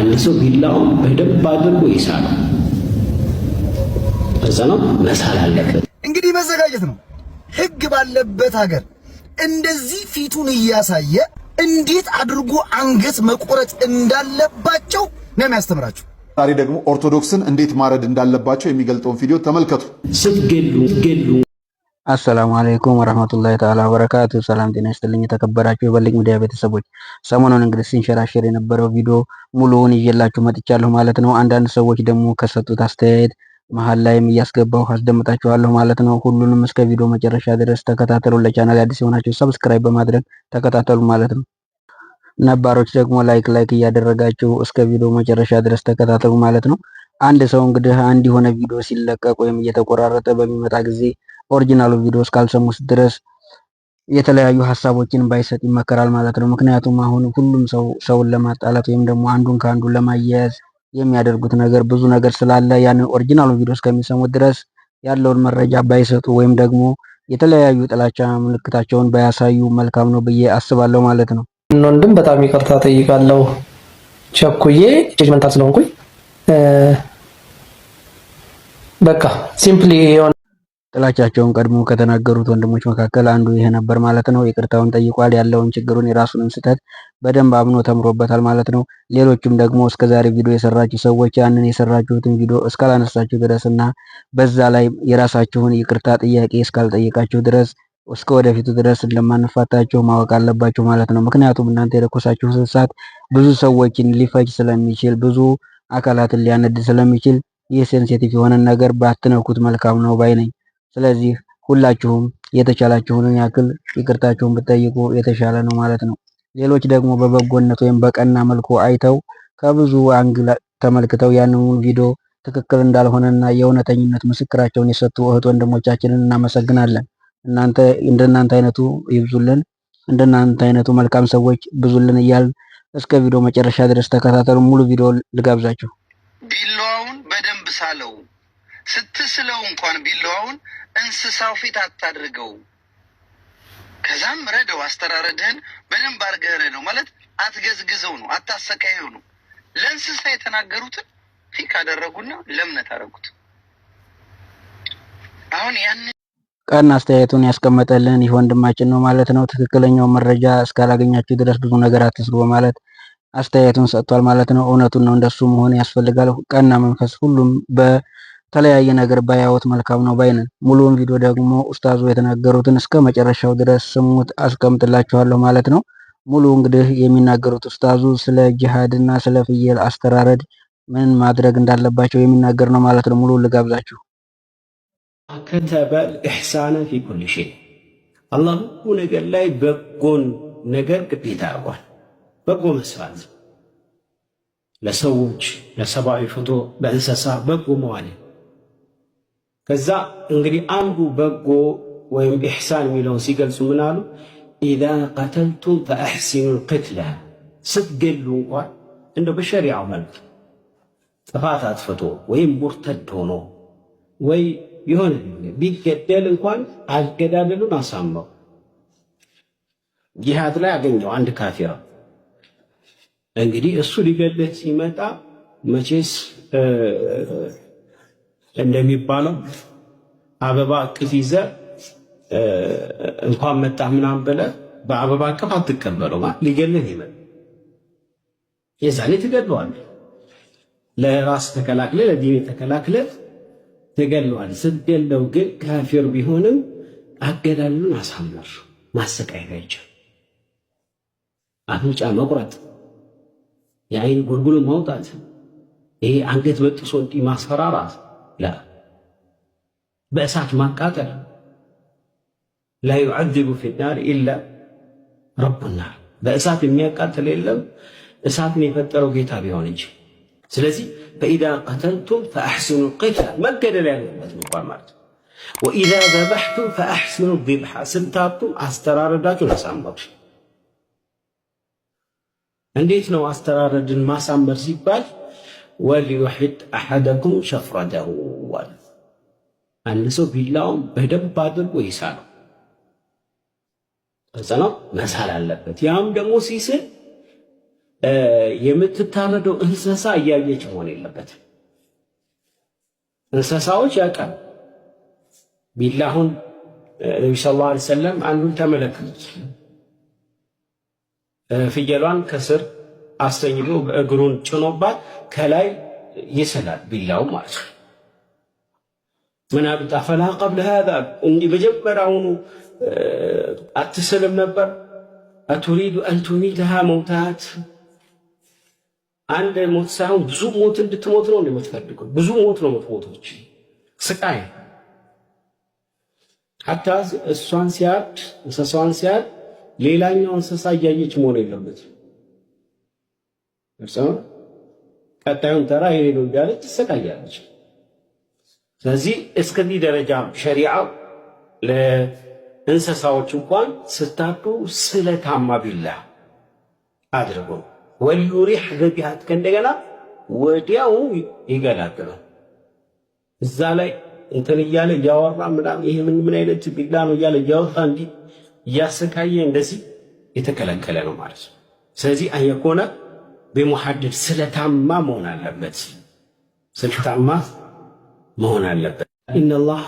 አንድ ሰው ቢላውም በደንብ አድርጎ ይሳል። እዛ ነው መሳል አለበት። እንግዲህ መዘጋጀት ነው። ህግ ባለበት ሀገር እንደዚህ ፊቱን እያሳየ እንዴት አድርጎ አንገት መቆረጥ እንዳለባቸው ነው የሚያስተምራቸው። ዛሬ ደግሞ ኦርቶዶክስን እንዴት ማረድ እንዳለባቸው የሚገልጠውን ቪዲዮ ተመልከቱ። ስትገሉ አሰላሙ አለይኩም ወረህመቱላሂ ተዓላ ወበረካቱ። ሰላም ጤና ይስጥልኝ የተከበራችሁ የበልግ ሚዲያ ቤተሰቦች፣ ሰሞኑን እንግዲህ ሲንሸራሸር የነበረው ቪዲዮ ሙሉውን ይዤላችሁ መጥቻለሁ ማለት ነው። አንዳንድ ሰዎች ደግሞ ከሰጡት አስተያየት መሀል ላይም እያስገባው አስደምጣችኋለሁ ማለት ነው። ሁሉንም እስከ ቪዲዮ መጨረሻ ድረስ ተከታተሉ። ለቻናል አዲስ የሆናችሁ ሰብስክራይብ በማድረግ ተከታተሉ ማለት ነው። ነባሮች ደግሞ ላይክ ላይክ እያደረጋችሁ እስከ ቪዲዮ መጨረሻ ድረስ ተከታተሉ ማለት ነው። አንድ ሰው እንግዲህ አንድ የሆነ ቪዲዮ ሲለቀቅ ወይም እየተቆራረጠ በሚመጣ ጊዜ ኦሪጂናሉ ቪዲዮ እስካልሰሙት ድረስ የተለያዩ ሀሳቦችን ባይሰጥ ይመከራል ማለት ነው። ምክንያቱም አሁን ሁሉም ሰው ሰውን ለማጣላት ወይም ደግሞ አንዱን ከአንዱ ለማያያዝ የሚያደርጉት ነገር ብዙ ነገር ስላለ ያንን ኦሪጂናሉ ቪዲዮ እስከሚሰሙት ድረስ ያለውን መረጃ ባይሰጡ ወይም ደግሞ የተለያዩ ጥላቻ ምልክታቸውን ባያሳዩ መልካም ነው ብዬ አስባለሁ ማለት ነው። ወንድም በጣም ይቅርታ ጠይቃለሁ። ቸኩዬ ጀጅመንታል ስለሆንኩኝ በቃ ሲምፕሊ የሆነ ጥላቻቸውን ቀድሞ ከተናገሩት ወንድሞች መካከል አንዱ ይሄ ነበር ማለት ነው። ይቅርታውን ጠይቋል። ያለውን ችግሩን የራሱንም ስህተት በደንብ አምኖ ተምሮበታል ማለት ነው። ሌሎችም ደግሞ እስከዛሬ ቪዲዮ የሰራችሁ ሰዎች ያንን የሰራችሁትን ቪዲዮ እስካላነሳችሁ ድረስ እና በዛ ላይ የራሳችሁን ይቅርታ ጥያቄ እስካልጠየቃችሁ ድረስ እስከ ወደፊቱ ድረስ እንደማንፋታችሁ ማወቅ አለባችሁ ማለት ነው። ምክንያቱም እናንተ የለኮሳችሁት እሳት ብዙ ሰዎችን ሊፈጅ ስለሚችል ብዙ አካላትን ሊያነድ ስለሚችል ይህ ሴንሴቲቭ የሆነ ነገር ባትነኩት መልካም ነው ባይ ነኝ። ስለዚህ ሁላችሁም የተቻላችሁንን ያክል ይቅርታችሁን ብትጠይቁ የተሻለ ነው ማለት ነው። ሌሎች ደግሞ በበጎነት ወይም በቀና መልኩ አይተው ከብዙ አንግል ተመልክተው ያንን ቪዲዮ ትክክል እንዳልሆነና የእውነተኝነት ምስክራቸውን የሰጡ እህት ወንድሞቻችንን እናመሰግናለን። እናንተ እንደናንተ አይነቱ ይብዙልን፣ እንደናንተ አይነቱ መልካም ሰዎች ብዙልን እያል እስከ ቪዲዮ መጨረሻ ድረስ ተከታተሉ። ሙሉ ቪዲዮ ልጋብዛችሁ። ቢላዋውን በደንብ ሳለው ስትስለው እንኳን ቢላዋውን እንስሳው ፊት አታድርገው። ከዛም ረደው፣ አስተራረድህን በደንብ አድርገህ ረደው። ማለት አትገዝግዘው ነው፣ አታሰቃየው ነው። ለእንስሳ የተናገሩትን ፊክ አደረጉና ለእምነት አደረጉት። አሁን ያን ቀን አስተያየቱን ያስቀመጠልን ይህ ወንድማችን ነው ማለት ነው። ትክክለኛው መረጃ እስካላገኛችሁ ድረስ ብዙ ነገር አትስሩ በማለት አስተያየቱን ሰጥቷል ማለት ነው። እውነቱን ነው፣ እንደሱ መሆን ያስፈልጋል። ቀና መንፈስ ሁሉም በ የተለያየ ነገር ባያወት መልካም ነው ባይነን። ሙሉውን ቪዲዮ ደግሞ ኡስታዙ የተናገሩትን እስከ መጨረሻው ድረስ ስሙት አስቀምጥላችኋለሁ ማለት ነው። ሙሉ እንግዲህ የሚናገሩት ኡስታዙ ስለ ጂሃድ እና ስለ ፍየል አስተራረድ ምን ማድረግ እንዳለባቸው የሚናገር ነው ማለት ነው። ሙሉ ልጋብዛችሁ። ከተበል ኢሕሳነ ፊ ኩል ሸይ አላህ ሁሉ ነገር ላይ በጎን ነገር ግዴታ አርጓል። በጎ መስራት ለሰዎች፣ ለሰብአዊ ፍጡር፣ ለእንስሳ በጎ መዋል ከዛ እንግዲህ አንዱ በጎ ወይም ኢሕሳን የሚለውን ሲገልጹ ምን አሉ? ኢዛ ቀተልቱም ፈአሕሲኑ ልቅትላ ስትገሉ እንኳን እንደ በሸሪዓው መልክ ጥፋት አጥፍቶ ወይም ሙርተድ ሆኖ ወይ የሆነ ቢገደል እንኳን አገዳደሉን አሳመው። ጂሃድ ላይ አገኘው አንድ ካፊራ እንግዲህ እሱ ሊገድልህ ሲመጣ መቼስ እንደሚባለው አበባ እቅፍ ይዘ እንኳን መጣ ምናምን ብለህ በአበባ እቅፍ አትቀበለው ማለት ሊገልህ ይመል የዛኔ ትገድለዋለህ። ለራስ ተከላክለ ለዲን ተከላክለ ትገድለዋለህ። ስትገድለው ግን ካፊር ቢሆንም አገዳሉን አሳምር። ማሰቃየት አይቻልም። አፍንጫ መቁረጥ፣ የአይን ጉልጉል ማውጣት፣ ይሄ አንገት በጥሶ እንዲህ ማስፈራራት ላ በእሳት ማቃጠል ላ ዩዐዚቡ ፊናር ኢላ ረቡናር በእሳት የሚያቃጥል የለም እሳትን የፈጠረው ጌታ ቢሆን እንጂ። ስለዚህ ፈኢዛ ቀተልቱም ፈአሕስኑ ቂታል መገደል ያለበት እንኳን ማለት ነው። ወኢዛ ዘበሕቱም ፈአሕስኑ ዚብሓ ስልታቱም አስተራረዳችሁን አሳምሩ። እንዴት ነው አስተራረድን ማሳመር ሲባል ወሊዩሕድ አሐደኩም ሸፍረተሁ አለ። አንድ ሰው ቢላውን በደንብ አድርጎ ይሳለው። ተጽዕኖ መሳል አለበት። ያም ደግሞ ሲስል የምትታረደው እንስሳ እያየች መሆን የለበትም። እንስሳዎች ያውቃል። ቢላሁን ነቢ ስ ላ ሰለም አንዱን ተመለከቱት፣ ፍየሏን ከስር አስተኝ እግሩን ጭኖባት ከላይ ይስላል ቢላው ማለት ነው። ምናብጣ ፈላ ቀብል ሃዛ እንዲህ መጀመሪያውኑ አትስልም ነበር። አቱሪዱ አንቱሚትሃ መውታት አንድ ሞት ሳይሆን ብዙ ሞት እንድትሞት ነው የምትፈልገው። ብዙ ሞት ነው የምትሞቶች ስቃይ ሀታ እሷን ሲያድ እንስሳዋን ሲያድ ሌላኛው እንስሳ እያየች መሆን የለበትም። እርሷ ቀጣዩን ተራ ይሄ ነው እያለች ትሰቃያለች። ስለዚህ እስከዚህ ደረጃ ሸሪዓው ለእንስሳዎች እንኳን ስታጡ ስለታማ ቢላ አድርጎ ወልዩሪሕ ዘቢሃት ከእንደገና ወዲያው ይገላግላል። እዛ ላይ እንትን እያለ እያወራ ምናምን ይሄ ምን ምን አይነት ቢላ ነው እያለ እያወጣ እንዲህ እያሰቃየ እንደዚህ የተከለከለ ነው ማለት ነው። ስለዚህ አየኮና ቢሙሐድድ ስለታማ መሆን አለበት። ስለታማ መሆን አለበት። ኢነላህ